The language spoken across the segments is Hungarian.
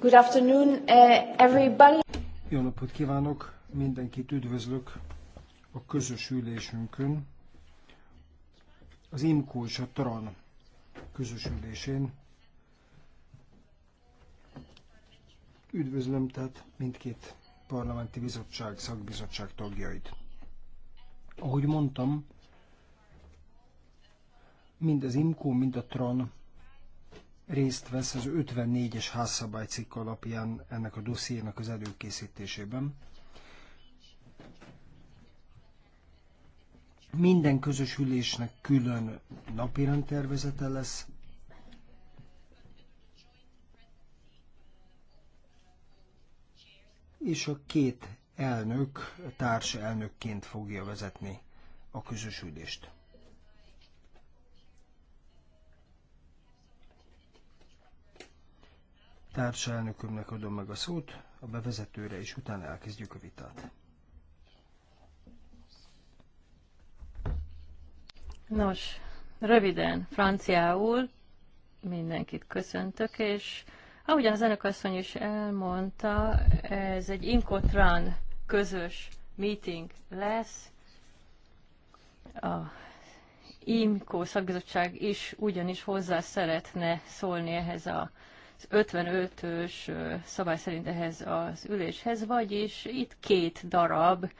Good afternoon, uh, everybody. Jó napot kívánok, mindenkit üdvözlök a közös ülésünkön, az IMCO és a TRAN közös ülésén. Üdvözlöm tehát mindkét parlamenti bizottság, szakbizottság tagjait. Ahogy mondtam, mind az IMCO, mind a TRAN részt vesz az 54-es házszabálycikk alapján ennek a dossziénak az előkészítésében. Minden közös ülésnek külön napirend tervezete lesz, és a két elnök társ elnökként fogja vezetni a közös ülést. társelnökömnek adom meg a szót a bevezetőre, és utána elkezdjük a vitát. Nos, röviden, franciául mindenkit köszöntök, és ahogyan az önök asszony is elmondta, ez egy Inkotran közös meeting lesz. A Imco szakbizottság is ugyanis hozzá szeretne szólni ehhez a 55-ös szabály szerint ehhez az üléshez, vagyis itt két darab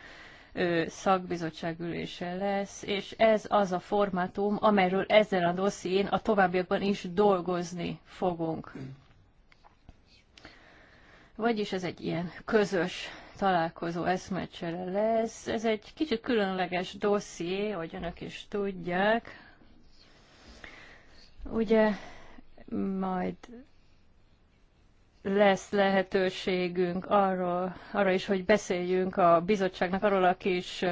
szakbizottság ülése lesz, és ez az a formátum, amelyről ezzel a dosszién a továbbiakban is dolgozni fogunk. Vagyis ez egy ilyen közös találkozó eszmecsere lesz. Ez egy kicsit különleges dosszié, hogy önök is tudják. Ugye majd lesz lehetőségünk arra, arra is, hogy beszéljünk a bizottságnak arról a kis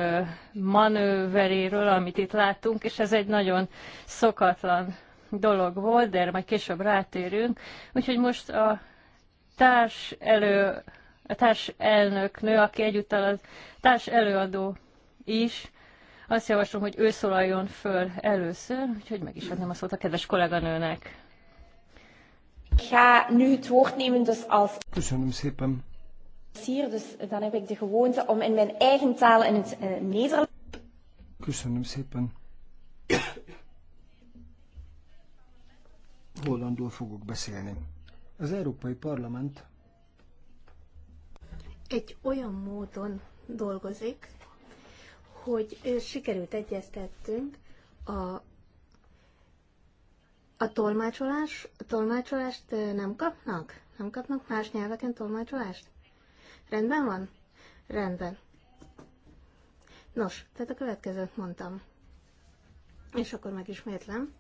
manőveréről, amit itt láttunk, és ez egy nagyon szokatlan dolog volt, de erre majd később rátérünk. Úgyhogy most a társ elő, a társ elnök nő aki egyúttal a társ előadó is, azt javaslom, hogy ő szólaljon föl először, úgyhogy meg is adnám a szót a kedves kolléganőnek. Köszönöm szépen. Sier, dus dan heb ik de gewoonte om in mijn eigen taal in het uh, Nederlands. Köszönöm szépen. Hollandul fogok beszélni. Az Európai Parlament egy olyan módon dolgozik, hogy sikerült egyeztettünk a a tolmácsolás, a tolmácsolást nem kapnak? Nem kapnak más nyelveken tolmácsolást? Rendben van? Rendben. Nos, tehát a következőt mondtam. És akkor megismétlem,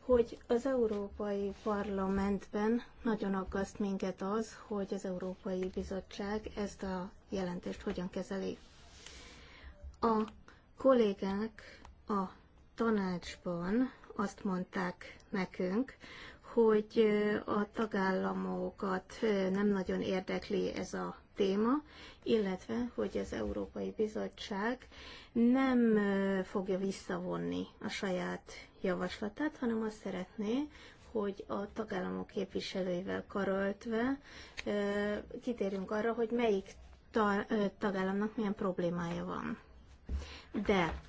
hogy az Európai Parlamentben nagyon aggaszt minket az, hogy az Európai Bizottság ezt a jelentést hogyan kezeli. A kollégák a tanácsban azt mondták nekünk, hogy a tagállamokat nem nagyon érdekli ez a téma, illetve hogy az Európai Bizottság nem fogja visszavonni a saját javaslatát, hanem azt szeretné, hogy a tagállamok képviselőivel karöltve kitérünk arra, hogy melyik tagállamnak milyen problémája van. De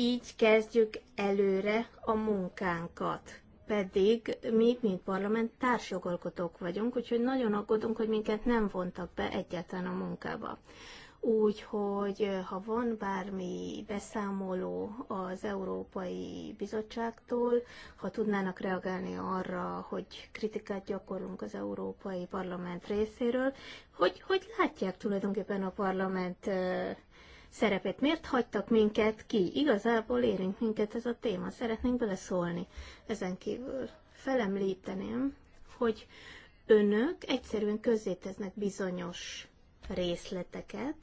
így kezdjük előre a munkánkat. Pedig mi, mint parlament, társjogalkotók vagyunk, úgyhogy nagyon aggódunk, hogy minket nem vontak be egyáltalán a munkába. Úgyhogy eh, ha van bármi beszámoló az Európai Bizottságtól, ha tudnának reagálni arra, hogy kritikát gyakorlunk az Európai Parlament részéről, hogy, hogy látják tulajdonképpen a parlament eh, szerepét. Miért hagytak minket ki? Igazából érint minket ez a téma, szeretnénk beleszólni. Ezen kívül felemlíteném, hogy önök egyszerűen közzéteznek bizonyos részleteket,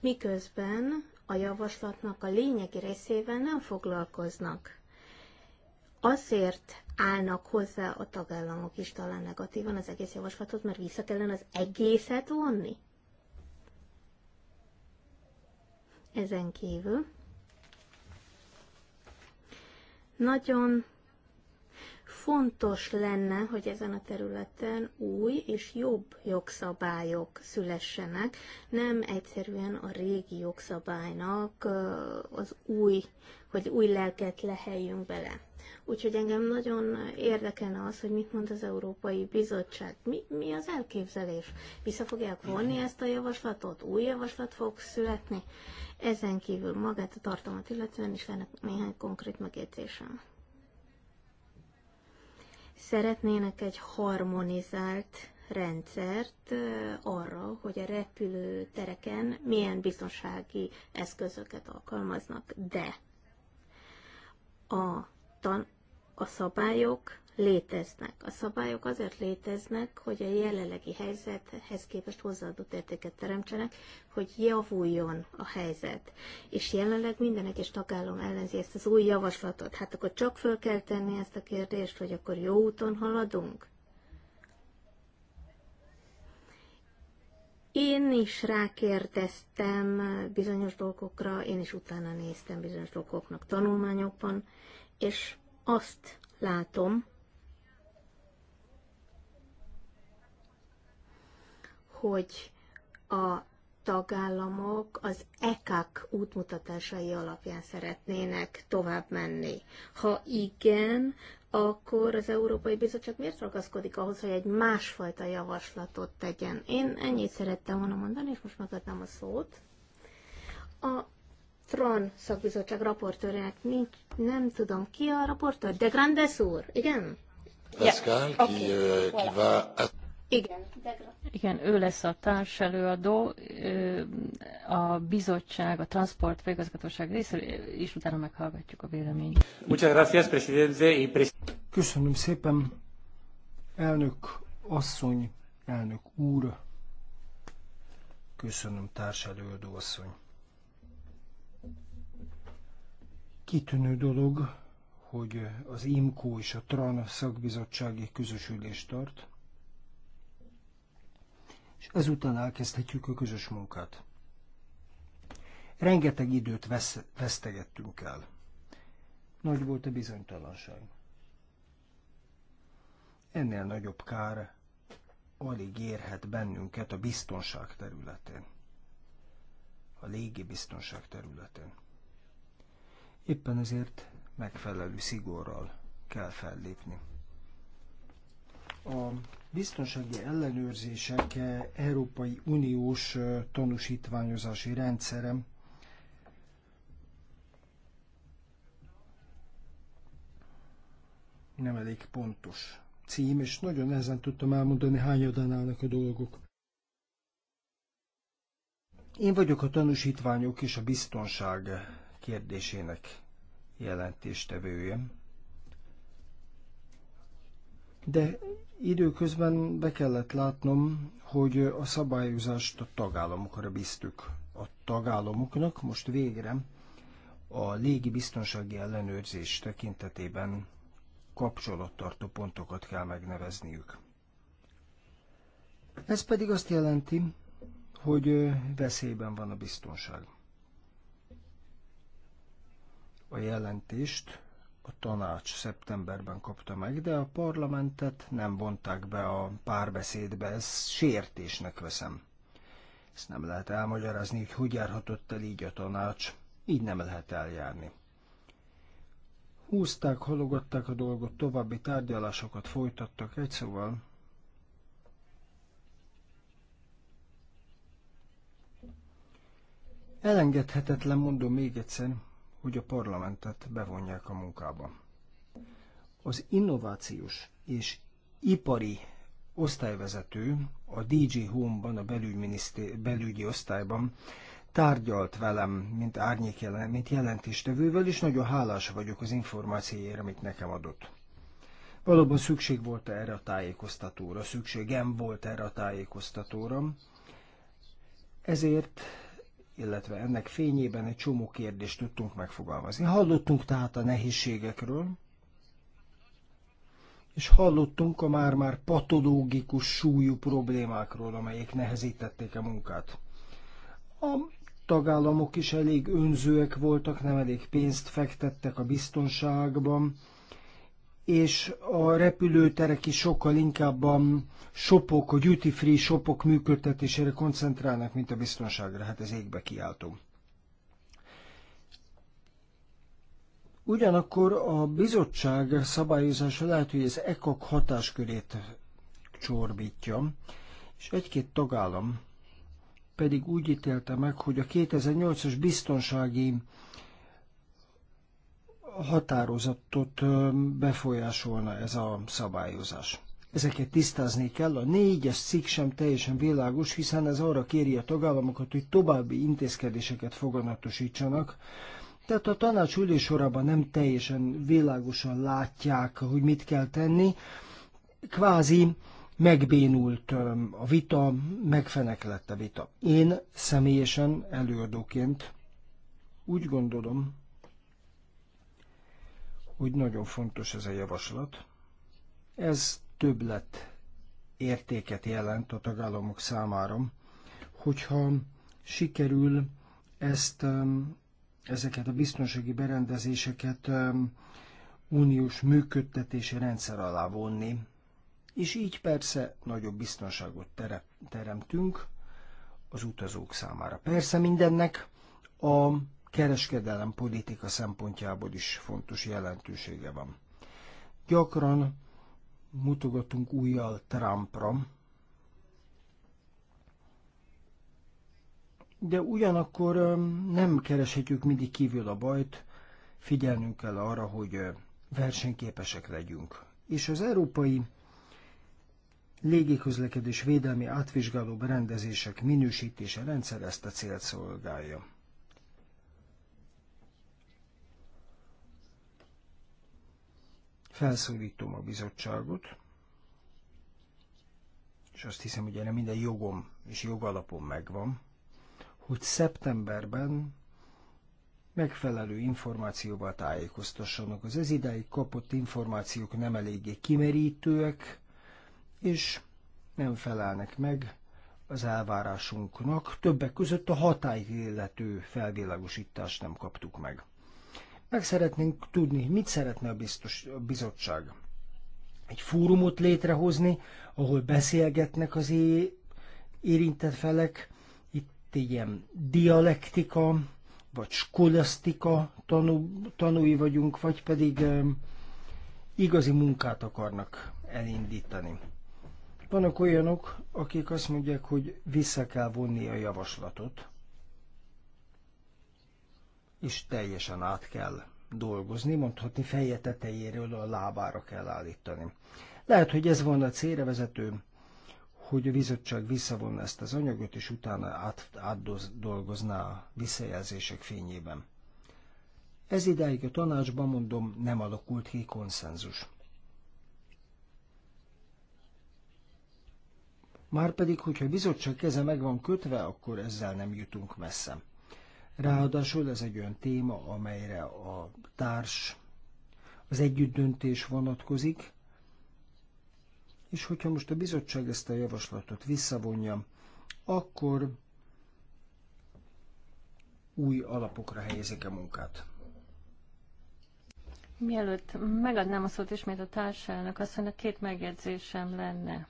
miközben a javaslatnak a lényegi részével nem foglalkoznak. Azért állnak hozzá a tagállamok is talán negatívan az egész javaslatot, mert vissza kellene az egészet vonni. ezen kívül nagyon fontos lenne, hogy ezen a területen új és jobb jogszabályok szülessenek, nem egyszerűen a régi jogszabálynak az új, hogy új lelket leheljünk bele. Úgyhogy engem nagyon érdekelne az, hogy mit mond az Európai Bizottság. Mi, mi az elképzelés? Vissza fogják vonni ezt a javaslatot? Új javaslat fog születni? Ezen kívül magát a tartalmat illetően is lenne néhány konkrét megjegyzésem. Szeretnének egy harmonizált rendszert arra, hogy a repülőtereken milyen biztonsági eszközöket alkalmaznak, de a tan- a szabályok léteznek. A szabályok azért léteznek, hogy a jelenlegi helyzethez képest hozzáadott értéket teremtsenek, hogy javuljon a helyzet. És jelenleg minden egyes tagállam ellenzi ezt az új javaslatot. Hát akkor csak föl kell tenni ezt a kérdést, hogy akkor jó úton haladunk? Én is rákérdeztem bizonyos dolgokra, én is utána néztem bizonyos dolgoknak tanulmányokban, és azt látom, hogy a tagállamok az EKAK útmutatásai alapján szeretnének tovább menni. Ha igen, akkor az Európai Bizottság miért ragaszkodik ahhoz, hogy egy másfajta javaslatot tegyen? Én ennyit szerettem volna mondani, és most megadnám a szót. A TRON szakbizottság raportőrének nincs, nem tudom ki a raportőr, de Grandes úr, igen? Pascal, yeah. ki, okay. uh, ki va... Igen. Igen, ő lesz a társelőadó, a bizottság, a transport végazgatóság részéről, és utána meghallgatjuk a véleményt. Köszönöm szépen, elnök asszony, elnök úr, köszönöm társelőadó asszony. kitűnő dolog, hogy az IMKO és a TRAN szakbizottsági közös ülést tart, és ezután elkezdhetjük a közös munkát. Rengeteg időt vesz, vesztegettünk el. Nagy volt a bizonytalanság. Ennél nagyobb kár alig érhet bennünket a biztonság területén. A légi biztonság területén. Éppen ezért megfelelő szigorral kell fellépni. A biztonsági ellenőrzések Európai Uniós tanúsítványozási rendszerem nem elég pontos cím, és nagyon nehezen tudtam elmondani, hány állnak a dolgok. Én vagyok a tanúsítványok és a biztonság kérdésének jelentéstevője. De időközben be kellett látnom, hogy a szabályozást a tagállamokra bíztük. A tagállamoknak most végre a légi biztonsági ellenőrzés tekintetében kapcsolattartó pontokat kell megnevezniük. Ez pedig azt jelenti, hogy veszélyben van a biztonság. A jelentést a tanács szeptemberben kapta meg, de a parlamentet nem vonták be a párbeszédbe, Ez sértésnek veszem. Ezt nem lehet elmagyarázni, hogy hogy járhatott el így a tanács, így nem lehet eljárni. Húzták, halogatták a dolgot, további tárgyalásokat folytattak, egy szóval Elengedhetetlen, mondom még egyszer, hogy a parlamentet bevonják a munkába. Az innovációs és ipari osztályvezető a DG Home-ban, a belügyi osztályban tárgyalt velem, mint árnyék jelen, mint jelentéstevővel, és nagyon hálás vagyok az információért, amit nekem adott. Valóban szükség volt -e erre a tájékoztatóra, szükségem volt erre a tájékoztatóra, ezért illetve ennek fényében egy csomó kérdést tudtunk megfogalmazni. Hallottunk tehát a nehézségekről, és hallottunk a már-már patológikus súlyú problémákról, amelyek nehezítették a munkát. A tagállamok is elég önzőek voltak, nem elég pénzt fektettek a biztonságban, és a repülőterek is sokkal inkább a shopok, a duty free shopok működtetésére koncentrálnak, mint a biztonságra. Hát ez égbe kiáltó. Ugyanakkor a bizottság szabályozása lehet, hogy az ECOC hatáskörét csorbítja, és egy-két tagállam pedig úgy ítélte meg, hogy a 2008-as biztonsági határozatot befolyásolna ez a szabályozás. Ezeket tisztázni kell, a négyes cikk sem teljesen világos, hiszen ez arra kéri a tagállamokat, hogy további intézkedéseket foganatosítsanak, tehát a tanács ülés sorában nem teljesen világosan látják, hogy mit kell tenni. Kvázi megbénult a vita, megfeneklett a vita. Én személyesen előadóként úgy gondolom, hogy nagyon fontos ez a javaslat. Ez többlet értéket jelent a tagállamok számára, hogyha sikerül ezt, um, ezeket a biztonsági berendezéseket um, uniós működtetési rendszer alá vonni, és így persze nagyobb biztonságot teremtünk az utazók számára. Persze mindennek a kereskedelem politika szempontjából is fontos jelentősége van. Gyakran mutogatunk újjal Trumpra, de ugyanakkor nem kereshetjük mindig kívül a bajt, figyelnünk kell arra, hogy versenyképesek legyünk. És az európai légiközlekedés védelmi átvizsgáló berendezések minősítése rendszer ezt a célt szolgálja. felszólítom a bizottságot, és azt hiszem, hogy erre minden jogom és jogalapom megvan, hogy szeptemberben megfelelő információval tájékoztassanak. Az ez idáig kapott információk nem eléggé kimerítőek, és nem felelnek meg az elvárásunknak. Többek között a hatályt illető felvilágosítást nem kaptuk meg. Meg szeretnénk tudni, mit szeretne a, biztos, a bizottság. Egy fórumot létrehozni, ahol beszélgetnek az é- érintett felek, itt ilyen dialektika, vagy skolasztika tanú, tanúi vagyunk, vagy pedig um, igazi munkát akarnak elindítani. Vannak olyanok, akik azt mondják, hogy vissza kell vonni a javaslatot, és teljesen át kell dolgozni, mondhatni feje tetejéről a lábára kell állítani. Lehet, hogy ez volna a célra vezető, hogy a bizottság visszavonna ezt az anyagot, és utána át, átdolgozná a visszajelzések fényében. Ez idáig a tanácsban, mondom, nem alakult ki konszenzus. Márpedig, hogyha a bizottság keze meg van kötve, akkor ezzel nem jutunk messze. Ráadásul ez egy olyan téma, amelyre a társ, az együttdöntés vonatkozik, és hogyha most a bizottság ezt a javaslatot visszavonja, akkor új alapokra helyezik a munkát. Mielőtt megadnám a szót ismét a társának, azt mondja, két megjegyzésem lenne.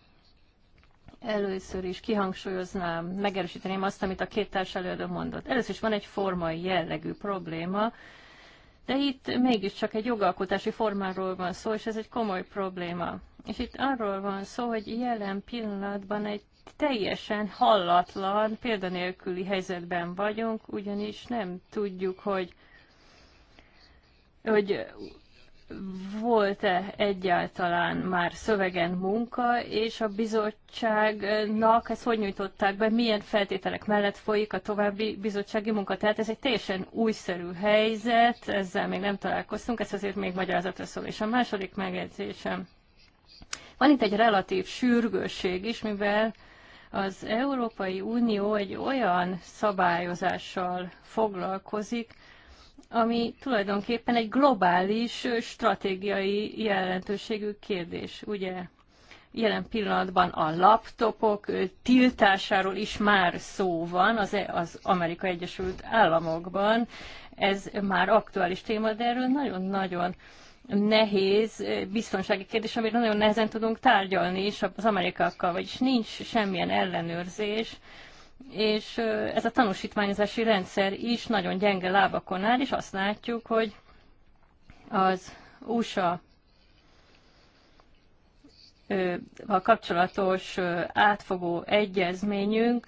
Először is kihangsúlyoznám, megerősíteném azt, amit a két társ előadó mondott. Először is van egy formai jellegű probléma, de itt mégiscsak egy jogalkotási formáról van szó, és ez egy komoly probléma. És itt arról van szó, hogy jelen pillanatban egy teljesen hallatlan, példanélküli helyzetben vagyunk, ugyanis nem tudjuk, hogy, hogy volt-e egyáltalán már szövegen munka, és a bizottságnak ezt hogy nyújtották be, milyen feltételek mellett folyik a további bizottsági munka. Tehát ez egy teljesen újszerű helyzet, ezzel még nem találkoztunk, ez azért még magyarázatra szól. És a második megjegyzésem. Van itt egy relatív sürgősség is, mivel az Európai Unió egy olyan szabályozással foglalkozik, ami tulajdonképpen egy globális, stratégiai jelentőségű kérdés. Ugye jelen pillanatban a laptopok tiltásáról is már szó van az, e- az Amerika Egyesült Államokban. Ez már aktuális téma, de erről nagyon-nagyon nehéz biztonsági kérdés, amiről nagyon nehezen tudunk tárgyalni is az amerikákkal, vagyis nincs semmilyen ellenőrzés, és ez a tanúsítványozási rendszer is nagyon gyenge lábakon áll, és azt látjuk, hogy az USA a kapcsolatos átfogó egyezményünk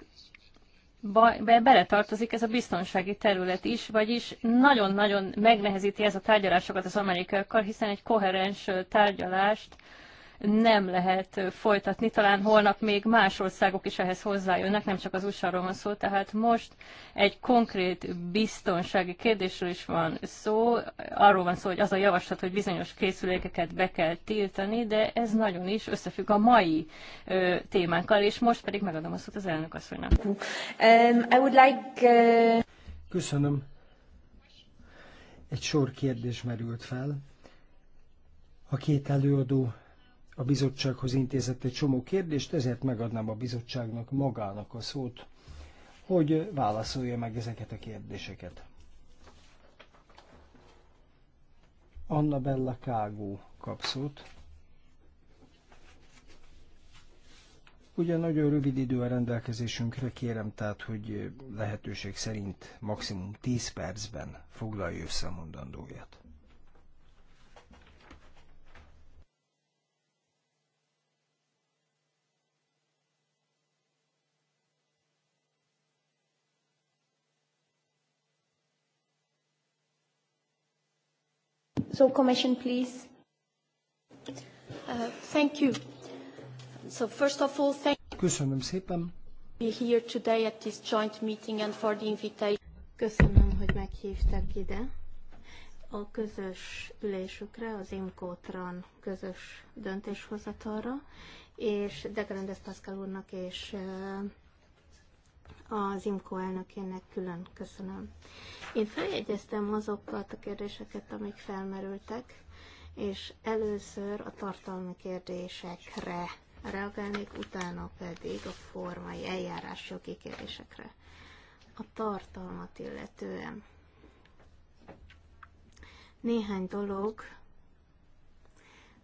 be, beletartozik ez a biztonsági terület is, vagyis nagyon-nagyon megnehezíti ez a tárgyalásokat az amerikákkal, hiszen egy koherens tárgyalást nem lehet folytatni. Talán holnap még más országok is ehhez hozzájönnek, nem csak az usa van szó. Tehát most egy konkrét biztonsági kérdésről is van szó. Arról van szó, hogy az a javaslat, hogy bizonyos készülékeket be kell tiltani, de ez nagyon is összefügg a mai ö, témánkkal, és most pedig megadom a szót az elnök asszonynak. Um, I would like, uh... Köszönöm. Egy sor kérdés merült fel. A két előadó a bizottsághoz intézett egy csomó kérdést, ezért megadnám a bizottságnak magának a szót, hogy válaszolja meg ezeket a kérdéseket. Anna Bella Kágó kap szót. Ugye nagyon rövid idő a rendelkezésünkre, kérem tehát, hogy lehetőség szerint maximum 10 percben foglalja össze a mondandóját. So Commission, please. Uh, thank you. So first of all, thank Köszönöm szépen. Be here today at this joint meeting and for the invitation. Köszönöm, hogy meghívtak ide a közös ülésükre, az IMCO-tran közös döntéshozatalra, és de Grandes Pascal úrnak és az IMCO elnökének külön köszönöm. Én feljegyeztem azokat a kérdéseket, amik felmerültek, és először a tartalmi kérdésekre reagálnék, utána pedig a formai eljárásjogi kérdésekre. A tartalmat illetően néhány dolog,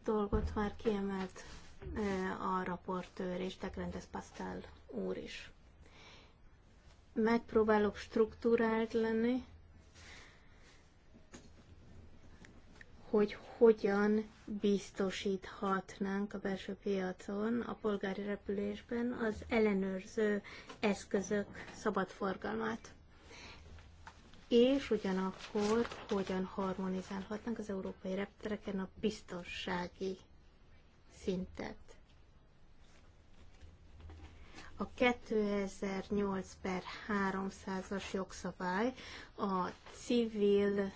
dolgot már kiemelt a raportőr és Tekrendez Pascal úr is megpróbálok struktúrált lenni, hogy hogyan biztosíthatnánk a belső piacon, a polgári repülésben az ellenőrző eszközök szabad forgalmát. És ugyanakkor hogyan harmonizálhatnánk az európai reptereken a biztonsági szintet a 2008 per 300-as jogszabály a civil, eh,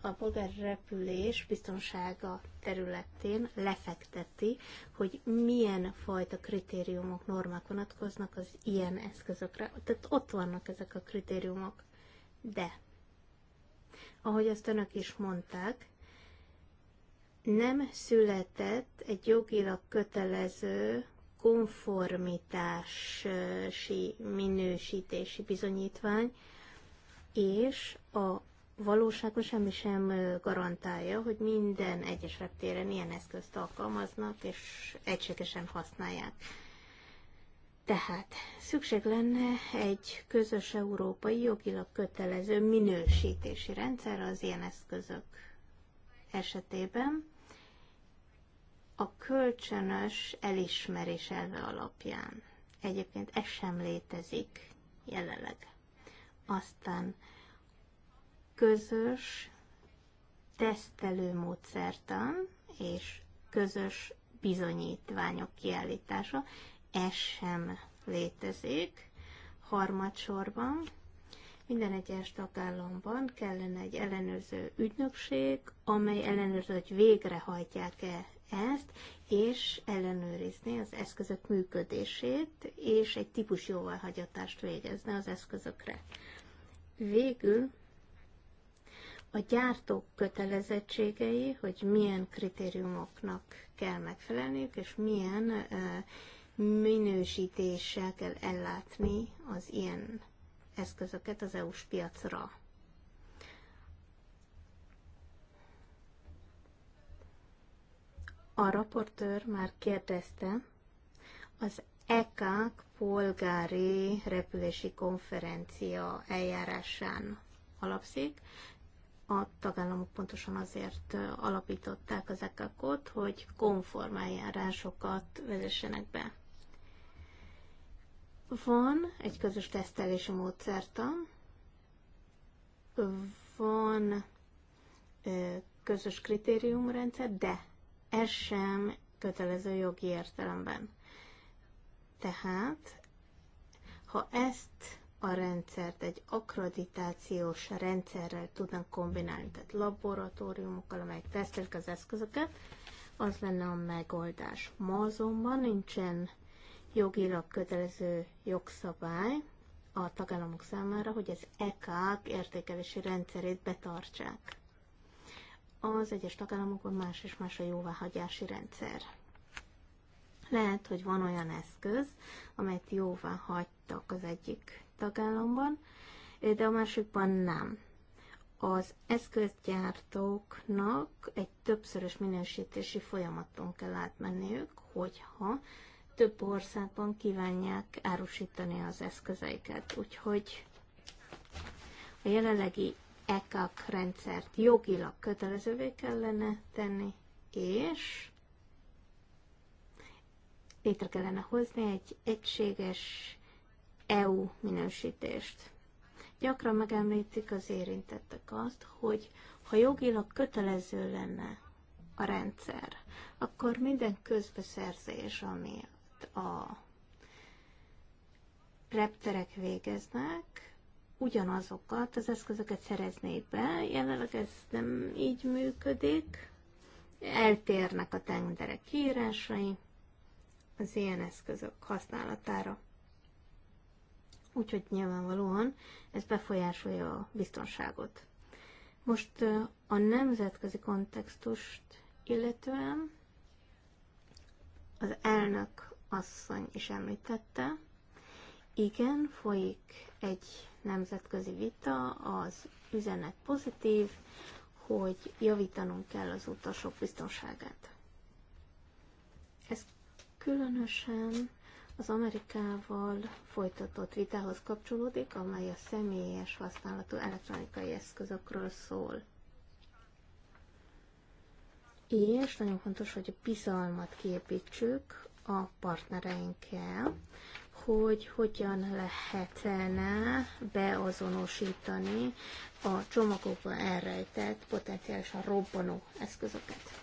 a polgári repülés biztonsága területén lefekteti, hogy milyen fajta kritériumok, normák vonatkoznak az ilyen eszközökre. Tehát ott vannak ezek a kritériumok. De, ahogy azt önök is mondták, nem született egy jogilag kötelező konformitási minősítési bizonyítvány, és a valóságban semmi sem garantálja, hogy minden egyes reptéren ilyen eszközt alkalmaznak, és egységesen használják. Tehát szükség lenne egy közös európai jogilag kötelező minősítési rendszer az ilyen eszközök esetében, a kölcsönös elismerés elve alapján. Egyébként ez sem létezik jelenleg. Aztán közös tesztelő módszertan és közös bizonyítványok kiállítása, ez sem létezik. Harmadsorban minden egyes tagállamban kellene egy ellenőrző ügynökség, amely ellenőrző, hogy végrehajtják-e ezt, és ellenőrizni az eszközök működését, és egy típus jóváhagyatást végezni az eszközökre. Végül a gyártók kötelezettségei, hogy milyen kritériumoknak kell megfelelniük, és milyen minősítéssel kell ellátni az ilyen eszközöket az EU-s piacra. A raportőr már kérdezte, az EKAK polgári repülési konferencia eljárásán alapszik. A tagállamok pontosan azért alapították az ekak ot hogy konform eljárásokat vezessenek be. Van egy közös tesztelési módszertan, van közös kritériumrendszer, de ez sem kötelező jogi értelemben. Tehát, ha ezt a rendszert egy akkreditációs rendszerrel tudnak kombinálni, tehát laboratóriumokkal, amelyek tesztelik az eszközöket, az lenne a megoldás. Ma azonban nincsen jogilag kötelező jogszabály a tagállamok számára, hogy az EKák értékelési rendszerét betartsák az egyes tagállamokon más és más a jóváhagyási rendszer. Lehet, hogy van olyan eszköz, amelyet jóvá hagytak az egyik tagállamban, de a másikban nem. Az eszközgyártóknak egy többszörös minősítési folyamaton kell átmenniük, hogyha több országban kívánják árusítani az eszközeiket. Úgyhogy a jelenlegi ECAC rendszert jogilag kötelezővé kellene tenni, és létre kellene hozni egy egységes EU minősítést. Gyakran megemlítik az érintettek azt, hogy ha jogilag kötelező lenne a rendszer, akkor minden közbeszerzés, amit a repterek végeznek, ugyanazokat az eszközöket szereznék be. Jelenleg ez nem így működik. Eltérnek a tenderek kiírásai az ilyen eszközök használatára. Úgyhogy nyilvánvalóan ez befolyásolja a biztonságot. Most a nemzetközi kontextust illetően az elnök asszony is említette, igen, folyik egy nemzetközi vita, az üzenet pozitív, hogy javítanunk kell az utasok biztonságát. Ez különösen az Amerikával folytatott vitához kapcsolódik, amely a személyes használatú elektronikai eszközökről szól. És nagyon fontos, hogy a bizalmat képítsük a partnereinkkel, hogy hogyan lehetne beazonosítani a csomagokban elrejtett potenciálisan robbanó eszközöket.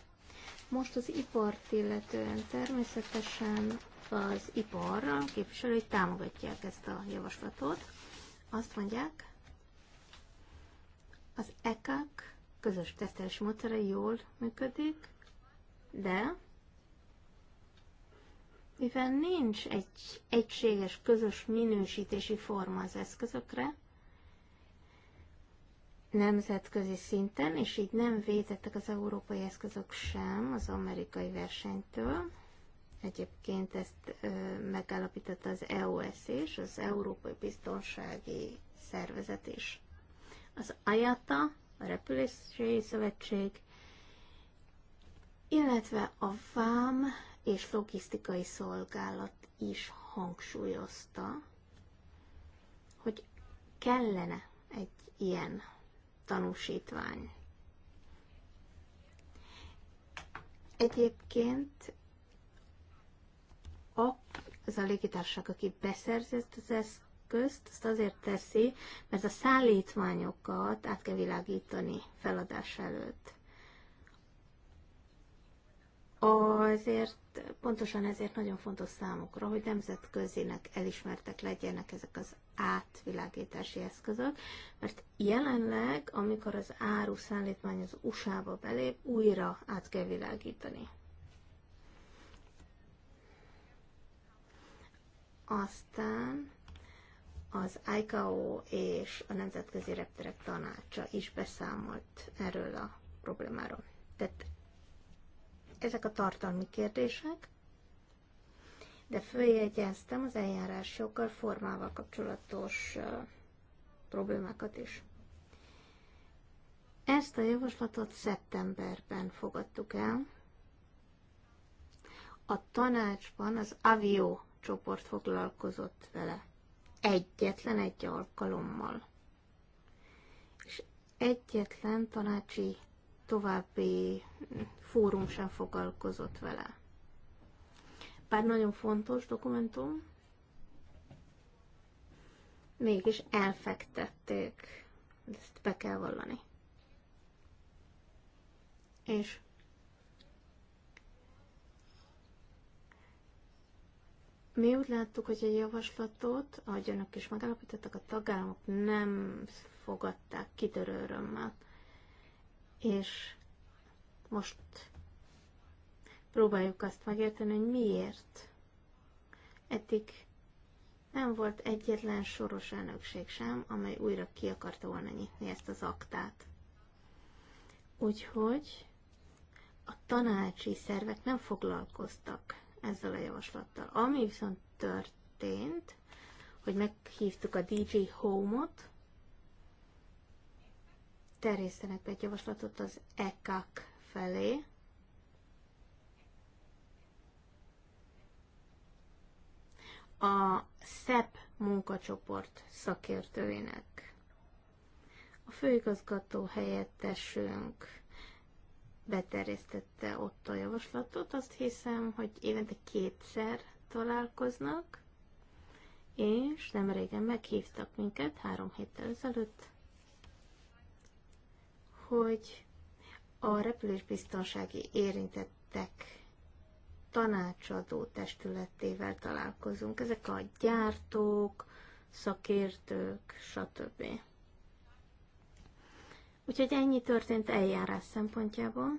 Most az ipart illetően természetesen az ipar képviselői támogatják ezt a javaslatot. Azt mondják, az ECAC közös tesztelési módszere jól működik, de mivel nincs egy egységes, közös minősítési forma az eszközökre, nemzetközi szinten, és így nem védettek az európai eszközök sem az amerikai versenytől. Egyébként ezt ö, megállapította az EOS és az Európai Biztonsági Szervezet is. Az IATA, a Repülési Szövetség, illetve a VAM és logisztikai szolgálat is hangsúlyozta, hogy kellene egy ilyen tanúsítvány. Egyébként a, az a légitársaság, aki beszerzett az eszközt, azt azért teszi, mert a szállítványokat át kell világítani feladás előtt. Azért pontosan ezért nagyon fontos számukra, hogy nemzetközinek elismertek legyenek ezek az átvilágítási eszközök, mert jelenleg, amikor az áru szállítmány az USA-ba belép, újra át kell világítani. Aztán az ICAO és a Nemzetközi Repterek Tanácsa is beszámolt erről a problémáról. Tehát ezek a tartalmi kérdések, de följegyeztem az eljárás formával kapcsolatos problémákat is. Ezt a javaslatot szeptemberben fogadtuk el. A tanácsban az Avio csoport foglalkozott vele. Egyetlen egy alkalommal. És egyetlen tanácsi további fórum sem foglalkozott vele. Bár nagyon fontos dokumentum, mégis elfektették, ezt be kell vallani. És Mi úgy láttuk, hogy egy javaslatot, ahogy önök is megállapítottak, a tagállamok nem fogadták kitörő örömmel. És most próbáljuk azt megérteni, hogy miért eddig nem volt egyetlen soros elnökség sem, amely újra ki akarta volna nyitni ezt az aktát. Úgyhogy a tanácsi szervek nem foglalkoztak ezzel a javaslattal. Ami viszont történt, hogy meghívtuk a DJ Home-ot, terjesztenek egy javaslatot az EKAK felé. A SZEP munkacsoport szakértőinek. A főigazgató helyettesünk beterjesztette ott a javaslatot. Azt hiszem, hogy évente kétszer találkoznak, és nem régen meghívtak minket, három héttel ezelőtt, hogy a repülésbiztonsági érintettek tanácsadó testületével találkozunk. Ezek a gyártók, szakértők, stb. Úgyhogy ennyi történt eljárás szempontjából.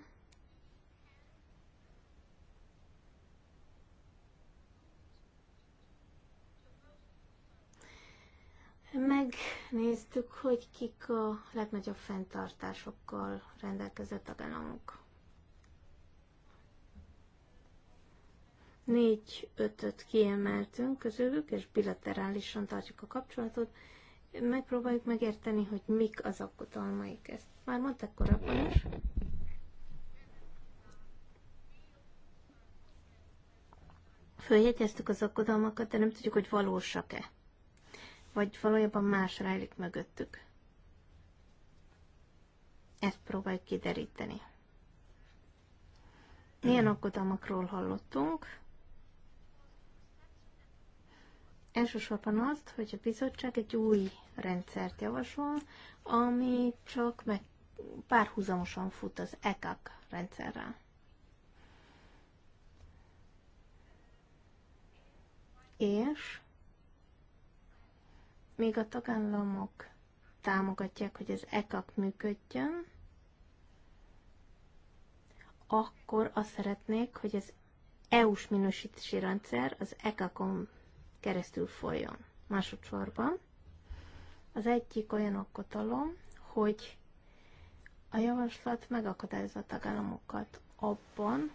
Megnéztük, hogy kik a legnagyobb fenntartásokkal rendelkező tagállamok. Négy-ötöt kiemeltünk közülük, és bilaterálisan tartjuk a kapcsolatot. Megpróbáljuk megérteni, hogy mik az aggodalmaik. Ezt már mondták korábban is. Följegyeztük az aggodalmakat, de nem tudjuk, hogy valósak-e vagy valójában más rejlik mögöttük. Ezt próbáljuk kideríteni. Milyen hm. aggodalmakról hallottunk? Elsősorban azt, hogy a bizottság egy új rendszert javasol, ami csak meg párhuzamosan fut az ECAC rendszerrel. És még a tagállamok támogatják, hogy az ECAP működjön, akkor azt szeretnék, hogy az EU-s minősítési rendszer az ecap on keresztül folyjon. Másodszorban az egyik olyan okotalom, hogy a javaslat megakadályozza a tagállamokat abban,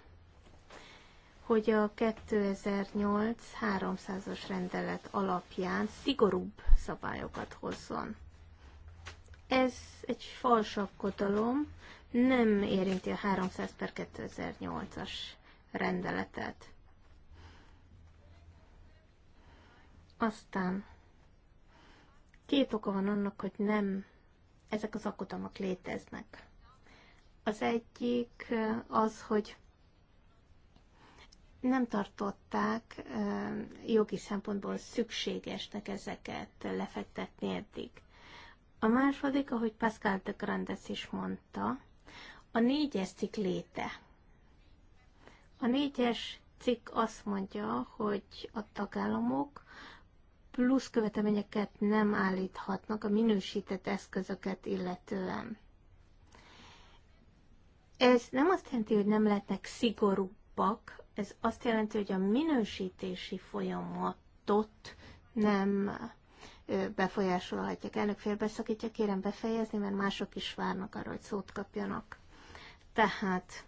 hogy a 2008 300-as rendelet alapján szigorúbb szabályokat hozzon. Ez egy falsakkodalom, nem érinti a 300 per 2008-as rendeletet. Aztán két oka van annak, hogy nem ezek az akutamak léteznek. Az egyik az, hogy nem tartották jogi szempontból szükségesnek ezeket lefektetni eddig. A második, ahogy Pascal de Grandes is mondta, a négyes cikk léte. A négyes cikk azt mondja, hogy a tagállamok plusz követelményeket nem állíthatnak a minősített eszközöket illetően. Ez nem azt jelenti, hogy nem lehetnek szigorú pak, ez azt jelenti, hogy a minősítési folyamatot nem befolyásolhatják. Elnök félbeszakítja, kérem befejezni, mert mások is várnak arra, hogy szót kapjanak. Tehát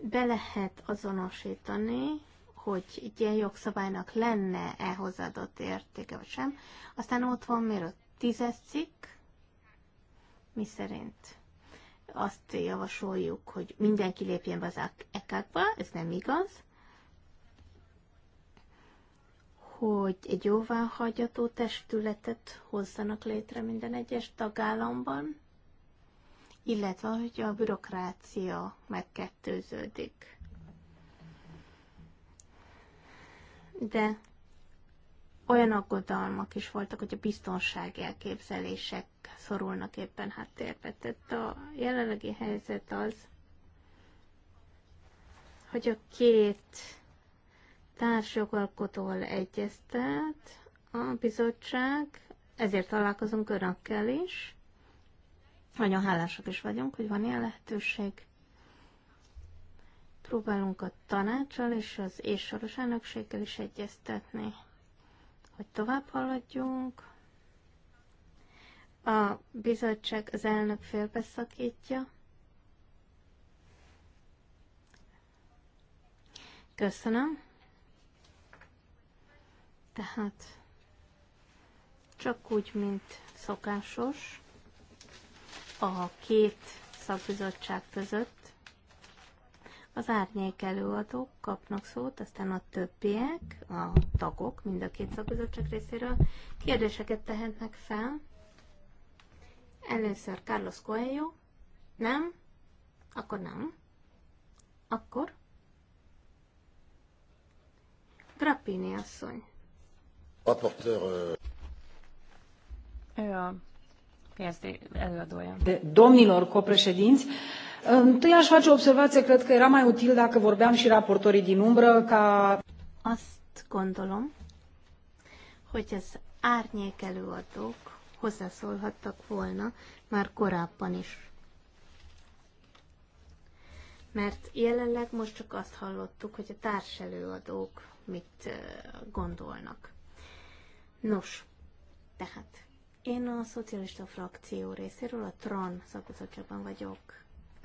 be lehet azonosítani, hogy egy ilyen jogszabálynak lenne-e hozzáadott értéke, vagy sem. Aztán ott van miért a tízes cikk, mi szerint azt javasoljuk, hogy mindenki lépjen be az ekákba, ez nem igaz, hogy egy jóváhagyató testületet hozzanak létre minden egyes tagállamban, illetve hogy a bürokrácia megkettőződik. De olyan aggodalmak is voltak, hogy a biztonsági elképzelések szorulnak éppen háttérbe. Tehát a jelenlegi helyzet az, hogy a két társjogalkotóval egyeztet a bizottság, ezért találkozunk önökkel is. Nagyon hálásak is vagyunk, hogy van ilyen lehetőség. Próbálunk a tanácsal és az és soros elnökséggel is egyeztetni hogy tovább haladjunk. A bizottság az elnök félbeszakítja. Köszönöm. Tehát csak úgy, mint szokásos, a két szakbizottság között az árnyék előadók kapnak szót, aztán a többiek, a tagok mind a két szakbizottság részéről kérdéseket tehetnek fel. Először Carlos Coelho. Nem? Akkor nem. Akkor? Grappini asszony. Rapporteur. Euh, Ő a PSD előadója. Domnilor copreședinți, Întâi aș face o observație, cred că era mai util dacă vorbeam și raportorii din umbră ca... Azt gondolom, hogy az árnyék előadók hozzászólhattak volna már korábban is. Mert jelenleg most csak azt hallottuk, hogy a társelőadók mit gondolnak. Nos, tehát én a szocialista frakció részéről a TRON szakozatjában vagyok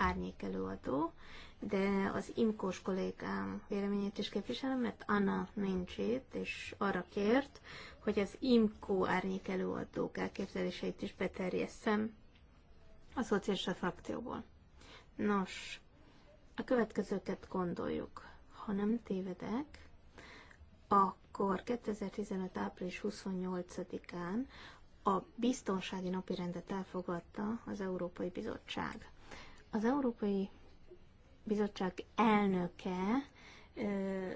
árnyékelőadó, de az imkós kollégám véleményét is képviselem, mert Anna nincs itt, és arra kért, hogy az imkó árnyékelőadók elképzeléseit is beterjesszem a szociális frakcióból. Nos, a következőket gondoljuk. Ha nem tévedek, akkor 2015. április 28-án a biztonsági napirendet elfogadta az Európai Bizottság. Az Európai Bizottság elnöke ö,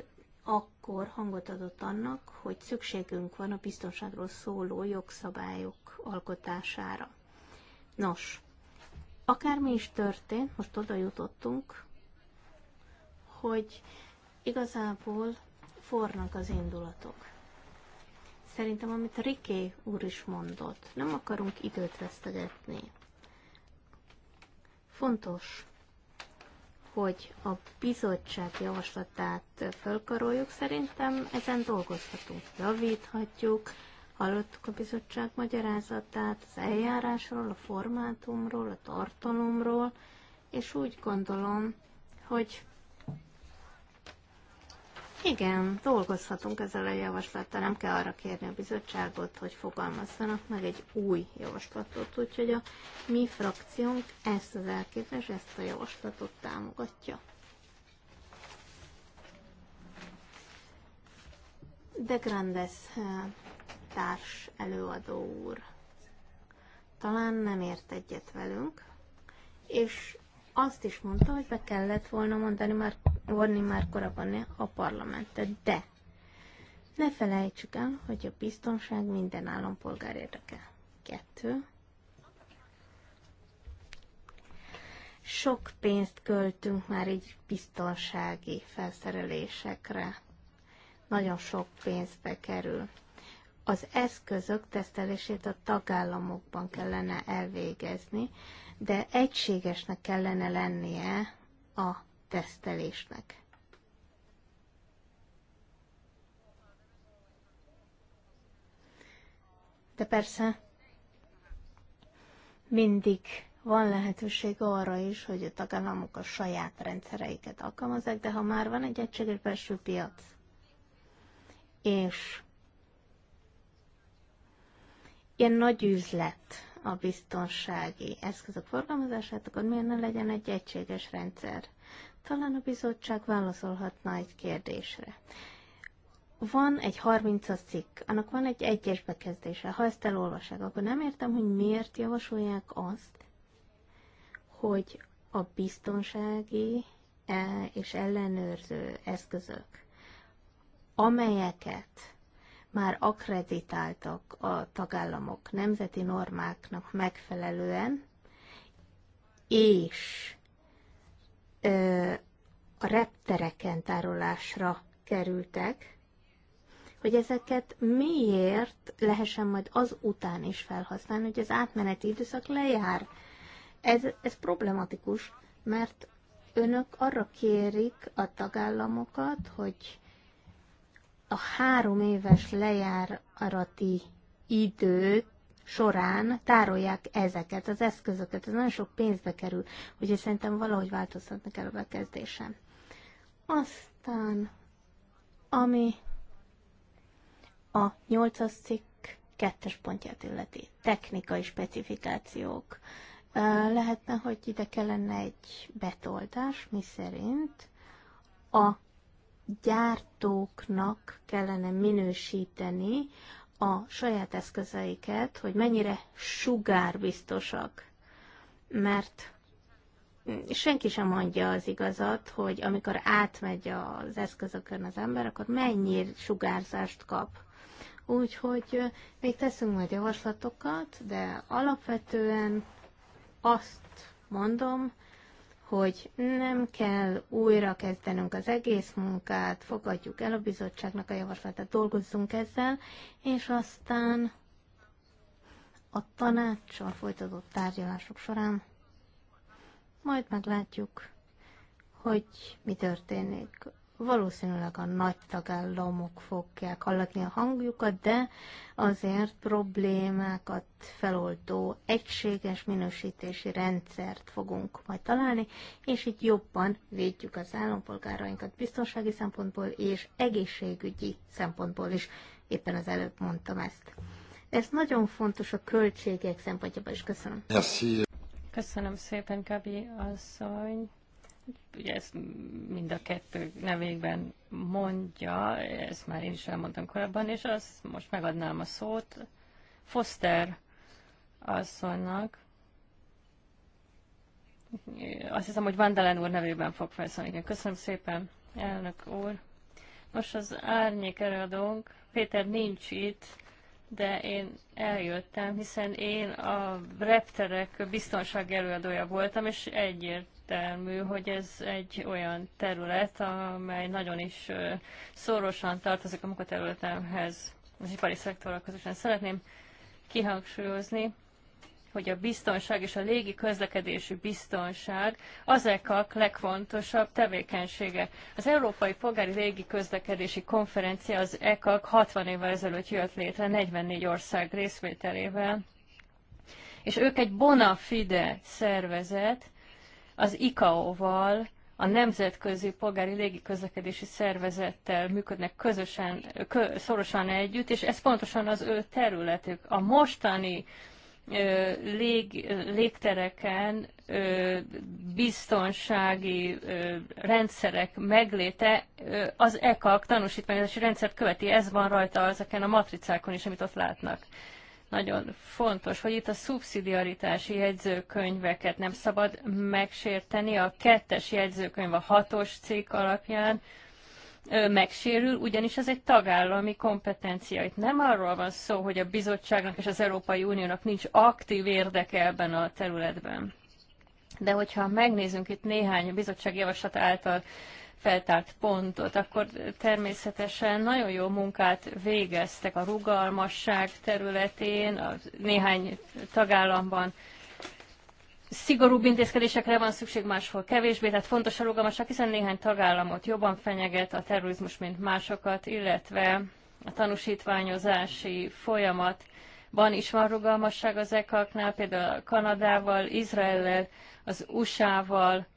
akkor hangot adott annak, hogy szükségünk van a biztonságról szóló jogszabályok alkotására. Nos, akármi is történt, most oda jutottunk, hogy igazából fornak az indulatok. Szerintem, amit Riké úr is mondott, nem akarunk időt vesztegetni. Fontos, hogy a bizottság javaslatát fölkaroljuk. Szerintem ezen dolgozhatunk, javíthatjuk. Hallottuk a bizottság magyarázatát az eljárásról, a formátumról, a tartalomról, és úgy gondolom, hogy igen, dolgozhatunk ezzel a javaslattal, nem kell arra kérni a bizottságot, hogy fogalmazzanak meg egy új javaslatot, úgyhogy a mi frakciónk ezt az elképzelést, ezt a javaslatot támogatja. De Grandes eh, társ előadó úr talán nem ért egyet velünk, és azt is mondta, hogy be kellett volna mondani már vonni már korábban a parlamentet, de ne felejtsük el, hogy a biztonság minden állampolgár érdeke. Kettő. Sok pénzt költünk már így biztonsági felszerelésekre. Nagyon sok pénzbe kerül. Az eszközök tesztelését a tagállamokban kellene elvégezni, de egységesnek kellene lennie a tesztelésnek. De persze mindig van lehetőség arra is, hogy a tagállamok a saját rendszereiket alkalmazzák, de ha már van egy egységes belső piac, és ilyen nagy üzlet a biztonsági eszközök forgalmazását, akkor miért ne legyen egy egységes rendszer? Talán a bizottság válaszolhatna egy kérdésre. Van egy 30-as cikk, annak van egy egyes bekezdése. Ha ezt elolvassák, akkor nem értem, hogy miért javasolják azt, hogy a biztonsági e, és ellenőrző eszközök, amelyeket már akreditáltak a tagállamok nemzeti normáknak megfelelően, és a reptereken tárolásra kerültek, hogy ezeket miért lehessen majd az után is felhasználni, hogy az átmeneti időszak lejár. Ez, ez problematikus, mert önök arra kérik a tagállamokat, hogy a három éves lejárati időt során tárolják ezeket az eszközöket. Ez nagyon sok pénzbe kerül, úgyhogy szerintem valahogy változtatni kell a bekezdésen. Aztán, ami a 8 cikk kettes pontját illeti, technikai specifikációk. Lehetne, hogy ide kellene egy betoldás, mi szerint a gyártóknak kellene minősíteni a saját eszközeiket, hogy mennyire sugárbiztosak. Mert senki sem mondja az igazat, hogy amikor átmegy az eszközökön az ember, akkor mennyi sugárzást kap. Úgyhogy még teszünk majd javaslatokat, de alapvetően azt mondom, hogy nem kell újra kezdenünk az egész munkát, fogadjuk el a bizottságnak a javaslatát, dolgozzunk ezzel, és aztán a tanácssal folytatott tárgyalások során majd meglátjuk, hogy mi történik valószínűleg a nagy tagállamok fogják hallatni a hangjukat, de azért problémákat feloldó egységes minősítési rendszert fogunk majd találni, és így jobban védjük az állampolgárainkat biztonsági szempontból és egészségügyi szempontból is. Éppen az előbb mondtam ezt. Ez nagyon fontos a költségek szempontjából is. Köszönöm. Köszönöm szépen, Gabi asszony ugye ezt mind a kettő nevében mondja, ezt már én is elmondtam korábban, és azt most megadnám a szót Foster asszonynak. Azt hiszem, hogy Vandalen úr nevében fog felszólni. köszönöm szépen, elnök úr. Most az árnyék előadónk, Péter nincs itt, de én eljöttem, hiszen én a repterek biztonsági előadója voltam, és egyért egyértelmű, hogy ez egy olyan terület, amely nagyon is szorosan tartozik a munkaterületemhez, az ipari szektorral közösen. Szeretném kihangsúlyozni, hogy a biztonság és a légi közlekedési biztonság az a legfontosabb tevékenysége. Az Európai Polgári Légi Közlekedési Konferencia, az ECAC 60 évvel ezelőtt jött létre, 44 ország részvételével, és ők egy bona fide szervezet, az ICAO-val, a Nemzetközi Polgári Légiközlekedési Szervezettel működnek közösen, kö, szorosan együtt, és ez pontosan az ő területük. A mostani ö, lég, légtereken ö, biztonsági ö, rendszerek megléte az ECAC tanúsítványozási rendszert követi, ez van rajta ezeken a matricákon is, amit ott látnak nagyon fontos, hogy itt a szubszidiaritási jegyzőkönyveket nem szabad megsérteni. A kettes jegyzőkönyv a hatos cikk alapján megsérül, ugyanis ez egy tagállami kompetencia. Itt nem arról van szó, hogy a bizottságnak és az Európai Uniónak nincs aktív érdeke ebben a területben. De hogyha megnézünk itt néhány bizottság javaslat által feltárt pontot, akkor természetesen nagyon jó munkát végeztek a rugalmasság területén, a néhány tagállamban szigorúbb intézkedésekre van szükség, máshol kevésbé, tehát fontos a rugalmasság, hiszen néhány tagállamot jobban fenyeget a terrorizmus, mint másokat, illetve a tanúsítványozási folyamat van is van rugalmasság az ekaknál, például Kanadával, Izraellel, az USA-val,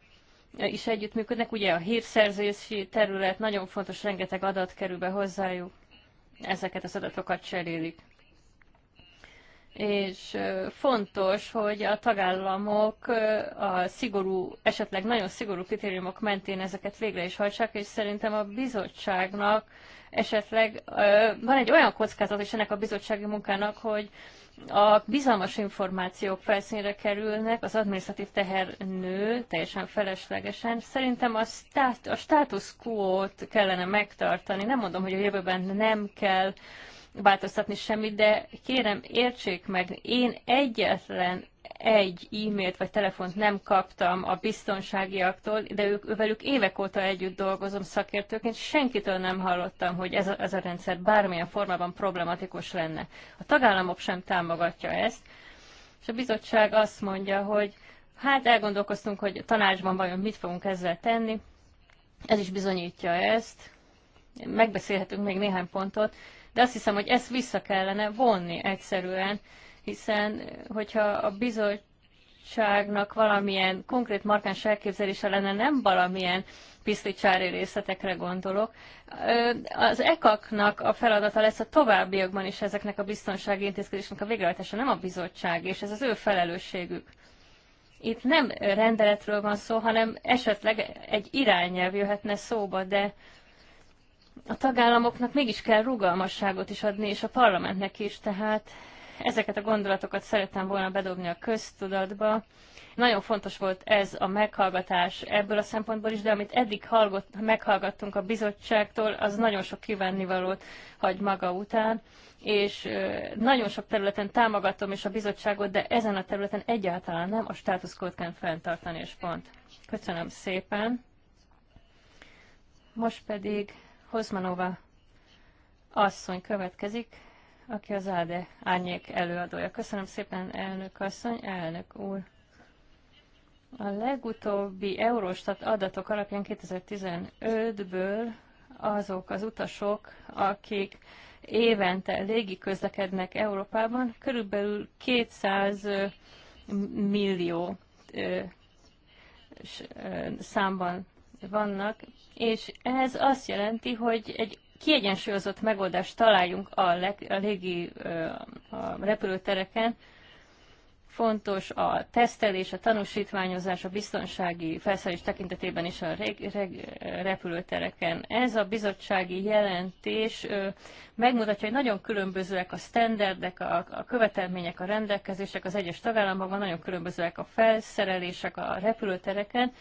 is együttműködnek. Ugye a hírszerzési terület nagyon fontos, rengeteg adat kerül be hozzájuk, ezeket az adatokat cserélik. És fontos, hogy a tagállamok a szigorú, esetleg nagyon szigorú kritériumok mentén ezeket végre is hajtsák, és szerintem a bizottságnak esetleg van egy olyan kockázat is ennek a bizottsági munkának, hogy a bizalmas információk felszínre kerülnek, az administratív teher nő teljesen feleslegesen. Szerintem a, stát, a status quo-t kellene megtartani. Nem mondom, hogy a jövőben nem kell uh, változtatni semmit, de kérem, értsék meg, én egyetlen egy e-mailt vagy telefont nem kaptam a biztonságiaktól, de ők, velük évek óta együtt dolgozom szakértőként, senkitől nem hallottam, hogy ez a, ez a rendszer bármilyen formában problematikus lenne. A tagállamok sem támogatja ezt, és a bizottság azt mondja, hogy hát elgondolkoztunk, hogy a tanácsban vajon mit fogunk ezzel tenni, ez is bizonyítja ezt, megbeszélhetünk még néhány pontot, de azt hiszem, hogy ezt vissza kellene vonni egyszerűen, hiszen hogyha a bizottságnak valamilyen konkrét markáns elképzelése lenne, nem valamilyen piszticsári részletekre gondolok. Az ECAC-nak a feladata lesz a továbbiakban is ezeknek a biztonsági intézkedésnek a végrehajtása, nem a bizottság, és ez az ő felelősségük. Itt nem rendeletről van szó, hanem esetleg egy irányelv jöhetne szóba, de a tagállamoknak mégis kell rugalmasságot is adni, és a parlamentnek is, tehát ezeket a gondolatokat szerettem volna bedobni a köztudatba. Nagyon fontos volt ez a meghallgatás ebből a szempontból is, de amit eddig hallgott, meghallgattunk a bizottságtól, az nagyon sok kívánnivalót hagy maga után, és nagyon sok területen támogatom is a bizottságot, de ezen a területen egyáltalán nem a státuszkód kell fenntartani, és pont. Köszönöm szépen. Most pedig Hozmanova asszony következik, aki az ALDE árnyék előadója. Köszönöm szépen, elnök asszony, elnök úr. A legutóbbi Eurostat adatok alapján 2015-ből azok az utasok, akik évente légi közlekednek Európában, körülbelül 200 millió számban vannak, és ez azt jelenti, hogy egy kiegyensúlyozott megoldást találjunk a, leg, a légi a repülőtereken. Fontos a tesztelés, a tanúsítványozás, a biztonsági felszerelés tekintetében is a reg, reg, repülőtereken. Ez a bizottsági jelentés megmutatja, hogy nagyon különbözőek a standardek, a, a követelmények, a rendelkezések az egyes tagállamokban, nagyon különbözőek a felszerelések a repülőtereken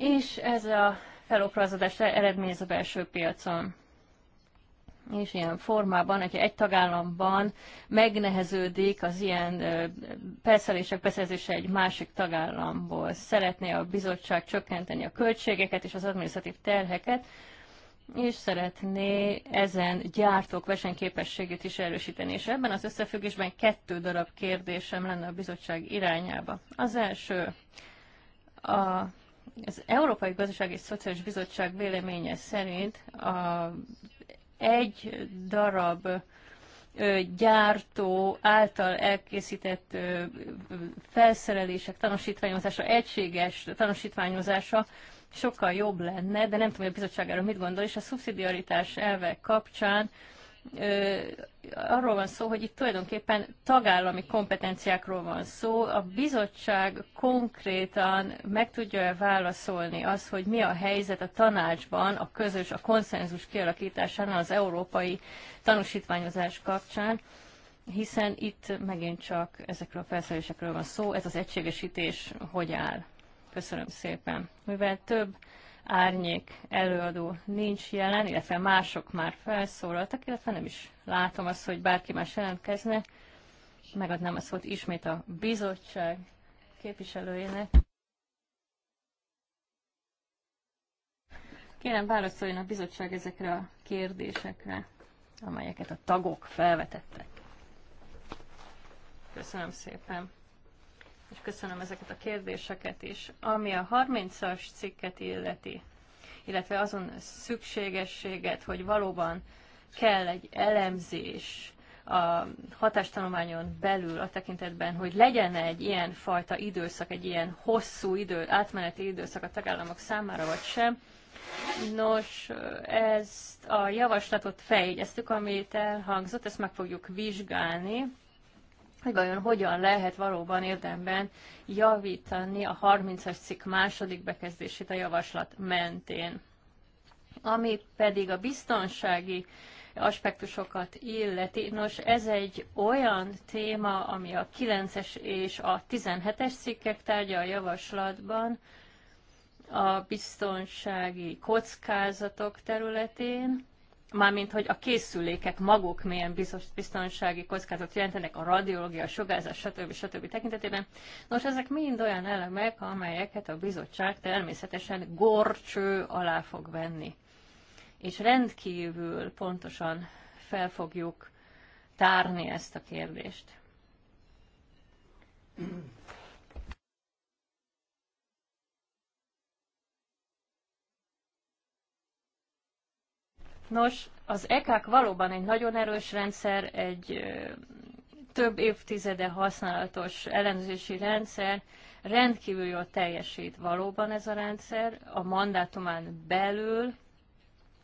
és ez a feloprázodást eredményez a belső piacon. És ilyen formában, hogyha egy tagállamban megneheződik az ilyen perszelések beszerzése egy másik tagállamból, szeretné a bizottság csökkenteni a költségeket és az administratív terheket, és szeretné ezen gyártók versenyképességét is erősíteni. És ebben az összefüggésben kettő darab kérdésem lenne a bizottság irányába. Az első, a az Európai Gazdasági és Szociális Bizottság véleménye szerint a egy darab gyártó által elkészített felszerelések tanúsítványozása, egységes tanúsítványozása sokkal jobb lenne, de nem tudom, hogy a bizottság erről mit gondol, és a szubszidiaritás elvek kapcsán arról van szó, hogy itt tulajdonképpen tagállami kompetenciákról van szó. A bizottság konkrétan meg tudja -e válaszolni az, hogy mi a helyzet a tanácsban a közös, a konszenzus kialakításánál az európai tanúsítványozás kapcsán, hiszen itt megint csak ezekről a felszerelésekről van szó, ez az egységesítés hogy áll. Köszönöm szépen. Mivel több árnyék előadó nincs jelen, illetve mások már felszólaltak, illetve nem is látom azt, hogy bárki más jelentkezne. Megadnám a szót ismét a bizottság képviselőjének. Kérem, válaszoljon a bizottság ezekre a kérdésekre, amelyeket a tagok felvetettek. Köszönöm szépen és köszönöm ezeket a kérdéseket is. Ami a 30-as cikket illeti, illetve azon szükségességet, hogy valóban kell egy elemzés a hatástanulmányon belül a tekintetben, hogy legyen egy ilyen fajta időszak, egy ilyen hosszú idő, átmeneti időszak a tagállamok számára, vagy sem. Nos, ezt a javaslatot fejegyeztük, amit elhangzott, ezt meg fogjuk vizsgálni, hogy vajon hogyan lehet valóban érdemben javítani a 30-as cikk második bekezdését a javaslat mentén. Ami pedig a biztonsági aspektusokat illeti. Nos, ez egy olyan téma, ami a 9-es és a 17-es cikkek tárgya a javaslatban, a biztonsági kockázatok területén, mármint hogy a készülékek maguk milyen biztos, biztonsági kockázatot jelentenek a radiológia, a sugárzás, stb. stb. tekintetében. Nos, ezek mind olyan elemek, amelyeket a bizottság természetesen gorcső alá fog venni. És rendkívül pontosan fel fogjuk tárni ezt a kérdést. Nos, az EKK valóban egy nagyon erős rendszer, egy több évtizede használatos ellenőrzési rendszer, rendkívül jól teljesít valóban ez a rendszer, a mandátumán belül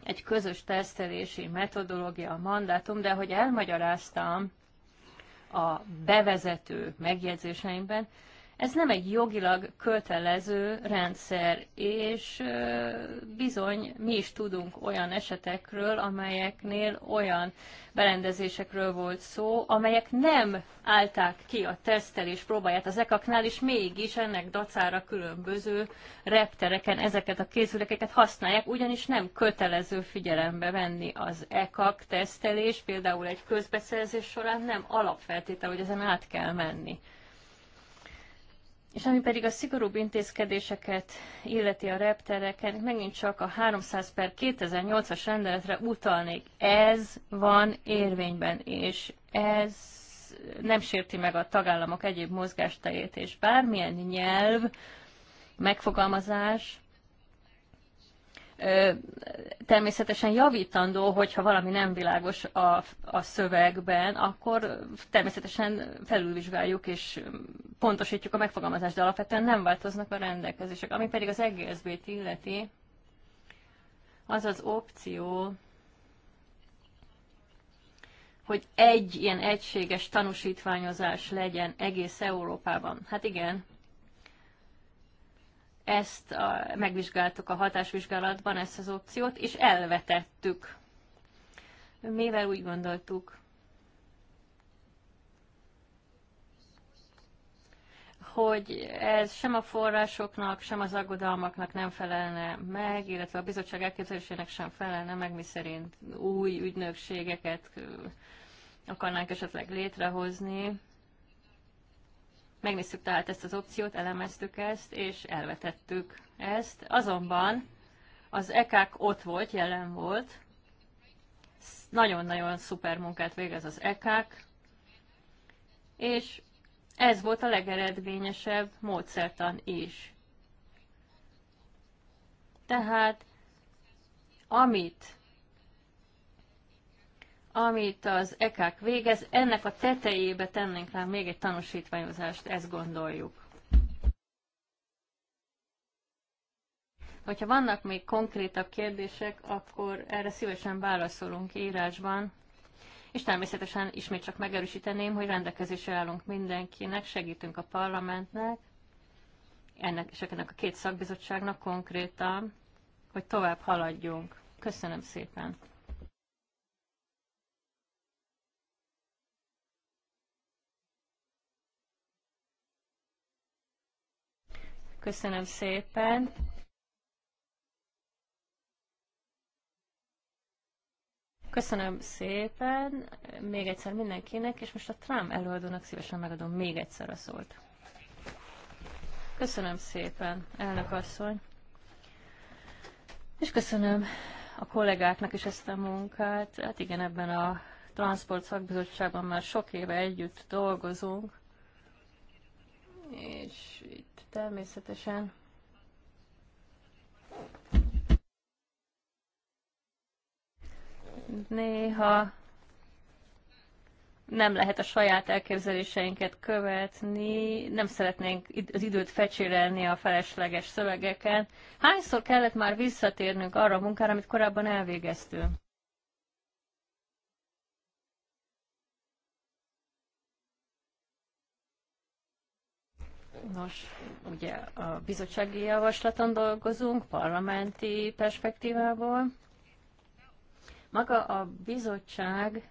egy közös tesztelési metodológia a mandátum, de ahogy elmagyaráztam a bevezető megjegyzéseimben, ez nem egy jogilag kötelező rendszer, és bizony mi is tudunk olyan esetekről, amelyeknél olyan berendezésekről volt szó, amelyek nem állták ki a tesztelés próbáját az ekaknál, és mégis ennek dacára különböző reptereken ezeket a készülékeket használják, ugyanis nem kötelező figyelembe venni az ekak tesztelés, például egy közbeszerzés során nem alapfeltétel, hogy ezen át kell menni. És ami pedig a szigorúbb intézkedéseket illeti a reptereken, megint csak a 300 per 2008-as rendeletre utalnék. Ez van érvényben, és ez nem sérti meg a tagállamok egyéb mozgástejét, és bármilyen nyelv, megfogalmazás, természetesen javítandó, hogyha valami nem világos a, a szövegben, akkor természetesen felülvizsgáljuk és pontosítjuk a megfogalmazást, de alapvetően nem változnak a rendelkezések. Ami pedig az EGSB-t illeti, az az opció, hogy egy ilyen egységes tanúsítványozás legyen egész Európában. Hát igen, ezt a, megvizsgáltuk a hatásvizsgálatban, ezt az opciót, és elvetettük. Mivel úgy gondoltuk, hogy ez sem a forrásoknak, sem az aggodalmaknak nem felelne meg, illetve a bizottság elképzelésének sem felelne meg, miszerint új ügynökségeket akarnánk esetleg létrehozni. Megnéztük tehát ezt az opciót, elemeztük ezt, és elvetettük ezt. Azonban az EKAK ott volt, jelen volt. Nagyon-nagyon szuper munkát végez az EKAK, és ez volt a legeredményesebb módszertan is. Tehát, amit amit az EKK végez, ennek a tetejébe tennénk rá még egy tanúsítványozást, ezt gondoljuk. Hogyha vannak még konkrétabb kérdések, akkor erre szívesen válaszolunk írásban, és természetesen ismét csak megerősíteném, hogy rendelkezésre állunk mindenkinek, segítünk a parlamentnek, ennek és ennek a két szakbizottságnak konkrétan, hogy tovább haladjunk. Köszönöm szépen! Köszönöm szépen. Köszönöm szépen még egyszer mindenkinek, és most a Trump előadónak szívesen megadom még egyszer a szót. Köszönöm szépen, elnök asszony. És köszönöm a kollégáknak is ezt a munkát. Hát igen, ebben a Transport Szakbizottságban már sok éve együtt dolgozunk, és itt természetesen néha nem lehet a saját elképzeléseinket követni, nem szeretnénk az időt fecsérelni a felesleges szövegeken. Hányszor kellett már visszatérnünk arra a munkára, amit korábban elvégeztünk? Nos, ugye a bizottsági javaslaton dolgozunk, parlamenti perspektívából. Maga a bizottság